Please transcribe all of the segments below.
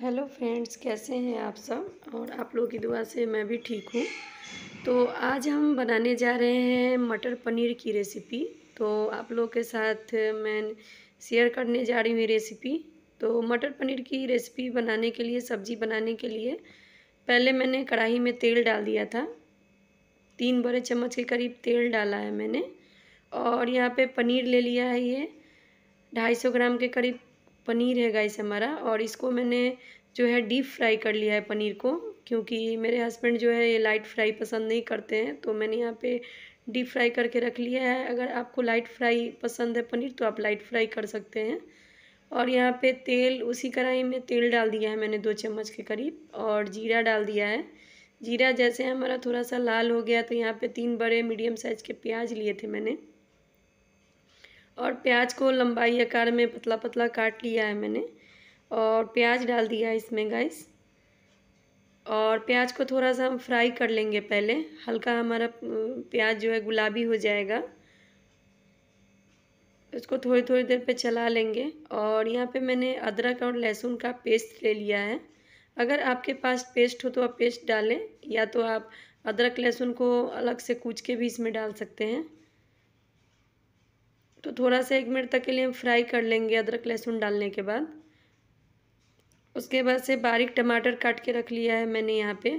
hello friends कैसे हैं आप सब और आप लोगों की दुआ से मैं भी ठीक हूँ तो आज हम बनाने जा रहे हैं मटर पनीर की रेसिपी तो आप लोगों के साथ मैं शेयर करने जा रही हूँ रेसिपी तो मटर पनीर की रेसिपी बनाने के लिए सब्ज़ी बनाने के लिए पहले मैंने कढ़ाई में तेल डाल दिया था तीन बड़े चम्मच के करीब तेल डाला है मैंने और यहाँ पर पनीर ले लिया है ये ढाई सौ ग्राम के करीब पनीर है गाइस हमारा और इसको मैंने जो है डीप फ्राई कर लिया है पनीर को क्योंकि मेरे हस्बैंड जो है ये लाइट फ्राई पसंद नहीं करते हैं तो मैंने यहाँ पे डीप फ्राई करके रख लिया है अगर आपको लाइट फ्राई पसंद है पनीर तो आप लाइट फ्राई कर सकते हैं और यहाँ पे तेल उसी कढ़ाई में तेल डाल दिया है मैंने दो चम्मच के करीब और जीरा डाल दिया है जीरा जैसे हमारा थोड़ा सा लाल हो गया तो यहाँ पर तीन बड़े मीडियम साइज़ के प्याज लिए थे मैंने और प्याज को लंबाई आकार में पतला पतला काट लिया है मैंने और प्याज डाल दिया है इसमें गाइस और प्याज को थोड़ा सा हम फ्राई कर लेंगे पहले हल्का हमारा प्याज जो है गुलाबी हो जाएगा इसको थोड़ी थोड़ी देर पे चला लेंगे और यहाँ पे मैंने अदरक और लहसुन का पेस्ट ले लिया है अगर आपके पास पेस्ट हो तो आप पेस्ट डालें या तो आप अदरक लहसुन को अलग से कूच के भी इसमें डाल सकते हैं तो थोड़ा सा एक मिनट तक के लिए हम फ्राई कर लेंगे अदरक लहसुन डालने के बाद उसके बाद से बारीक टमाटर काट के रख लिया है मैंने यहाँ पे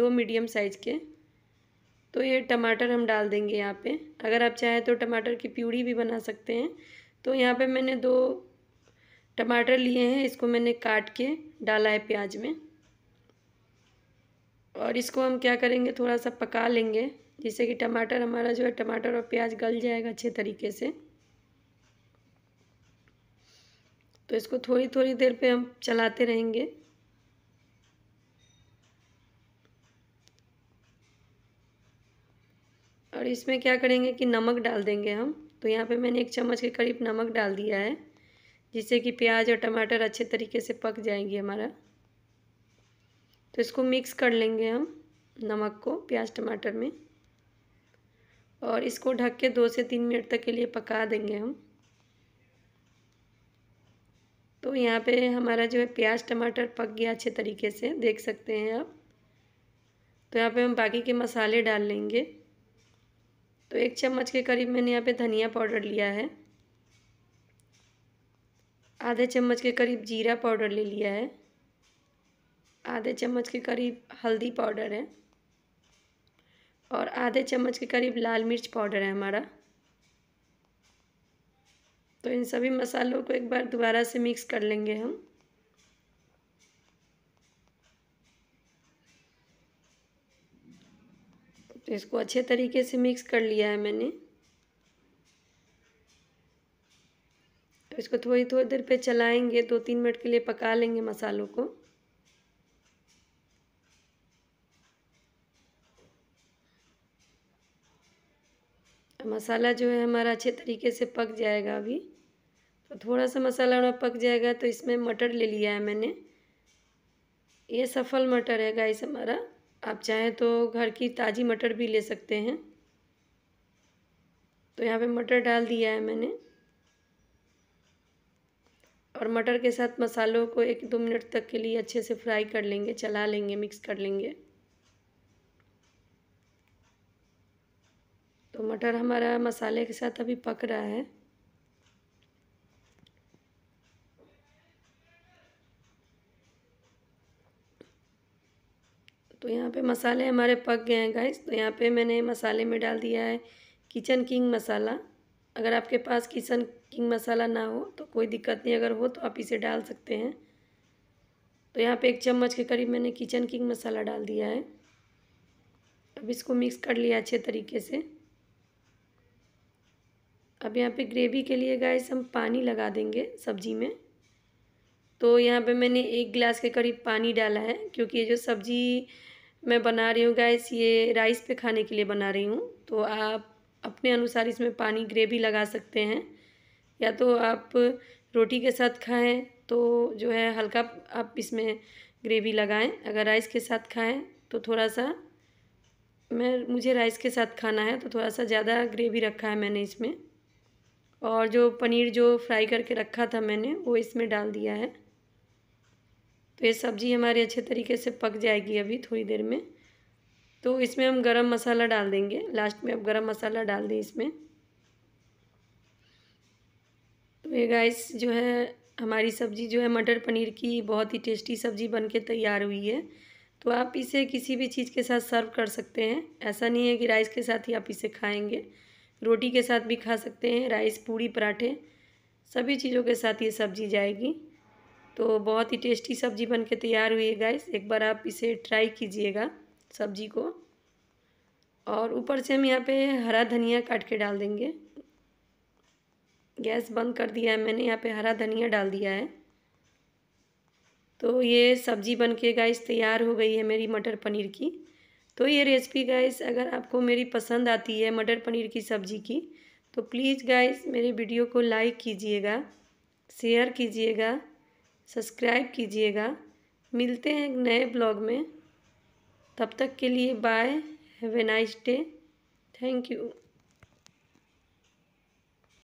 दो मीडियम साइज़ के तो ये टमाटर हम डाल देंगे यहाँ पे अगर आप चाहें तो टमाटर की प्यूरी भी बना सकते हैं तो यहाँ पे मैंने दो टमाटर लिए हैं इसको मैंने काट के डाला है प्याज में और इसको हम क्या करेंगे थोड़ा सा पका लेंगे जिससे कि टमाटर हमारा जो है टमाटर और प्याज गल जाएगा अच्छे तरीके से तो इसको थोड़ी थोड़ी देर पे हम चलाते रहेंगे और इसमें क्या करेंगे कि नमक डाल देंगे हम तो यहाँ पे मैंने एक चम्मच के करीब नमक डाल दिया है जिससे कि प्याज और टमाटर अच्छे तरीके से पक जाएंगे हमारा तो इसको मिक्स कर लेंगे हम नमक को प्याज टमाटर में और इसको ढक के दो से तीन मिनट तक के लिए पका देंगे हम तो यहाँ पे हमारा जो है प्याज टमाटर पक गया अच्छे तरीके से देख सकते हैं आप तो यहाँ पे हम बाकी के मसाले डाल लेंगे तो एक चम्मच के करीब मैंने यहाँ पे धनिया पाउडर लिया है आधे चम्मच के करीब जीरा पाउडर ले लिया है आधे चम्मच के करीब हल्दी पाउडर है और आधे चम्मच के करीब लाल मिर्च पाउडर है हमारा तो इन सभी मसालों को एक बार दोबारा से मिक्स कर लेंगे हम तो इसको अच्छे तरीके से मिक्स कर लिया है मैंने तो इसको थोड़ी थोड़ी देर पे चलाएंगे दो तीन मिनट के लिए पका लेंगे मसालों को मसाला जो है हमारा अच्छे तरीके से पक जाएगा अभी तो थोड़ा सा मसाला हमारा पक जाएगा तो इसमें मटर ले लिया है मैंने ये सफल मटर है गाइस हमारा आप चाहें तो घर की ताज़ी मटर भी ले सकते हैं तो यहाँ पे मटर डाल दिया है मैंने और मटर के साथ मसालों को एक दो मिनट तक के लिए अच्छे से फ्राई कर लेंगे चला लेंगे मिक्स कर लेंगे तो मटर हमारा मसाले के साथ अभी पक रहा है तो यहाँ पे मसाले हमारे पक गए हैं गाइस तो यहाँ पे मैंने मसाले में डाल दिया है किचन किंग मसाला अगर आपके पास किचन किंग मसाला ना हो तो कोई दिक्कत नहीं अगर हो तो आप इसे डाल सकते हैं तो यहाँ पे एक चम्मच के करीब मैंने किचन किंग मसाला डाल दिया है अब इसको मिक्स कर लिया अच्छे तरीके से अब यहाँ पे ग्रेवी के लिए गाइस हम पानी लगा देंगे सब्जी में तो यहाँ पे मैंने एक गिलास के करीब पानी डाला है क्योंकि ये जो सब्ज़ी मैं बना रही हूँ गैस ये राइस पे खाने के लिए बना रही हूँ तो आप अपने अनुसार इसमें पानी ग्रेवी लगा सकते हैं या तो आप रोटी के साथ खाएं तो जो है हल्का आप इसमें ग्रेवी लगाएं अगर राइस के साथ खाएं तो थोड़ा सा मैं मुझे राइस के साथ खाना है तो थोड़ा सा ज़्यादा ग्रेवी रखा है मैंने इसमें और जो पनीर जो फ्राई करके रखा था मैंने वो इसमें डाल दिया है तो ये सब्ज़ी हमारी अच्छे तरीके से पक जाएगी अभी थोड़ी देर में तो इसमें हम गरम मसाला डाल देंगे लास्ट में अब गरम मसाला डाल दें इसमें तो ये गाइस जो है हमारी सब्ज़ी जो है मटर पनीर की बहुत ही टेस्टी सब्ज़ी बन के तैयार हुई है तो आप इसे किसी भी चीज़ के साथ सर्व कर सकते हैं ऐसा नहीं है कि राइस के साथ ही आप इसे खाएँगे रोटी के साथ भी खा सकते हैं राइस पूड़ी पराठे सभी चीज़ों के साथ ये सब्जी जाएगी तो बहुत ही टेस्टी सब्जी बन के तैयार हुई है गाइस एक बार आप इसे ट्राई कीजिएगा सब्जी को और ऊपर से हम यहाँ पे हरा धनिया काट के डाल देंगे गैस बंद कर दिया है मैंने यहाँ पे हरा धनिया डाल दिया है तो ये सब्जी बन के गाइस तैयार हो गई है मेरी मटर पनीर की तो ये रेसिपी गाइस अगर आपको मेरी पसंद आती है मटर पनीर की सब्ज़ी की तो प्लीज़ गाइस मेरे वीडियो को लाइक कीजिएगा शेयर कीजिएगा सब्सक्राइब कीजिएगा मिलते हैं एक नए ब्लॉग में तब तक के लिए bye have a nice day thank you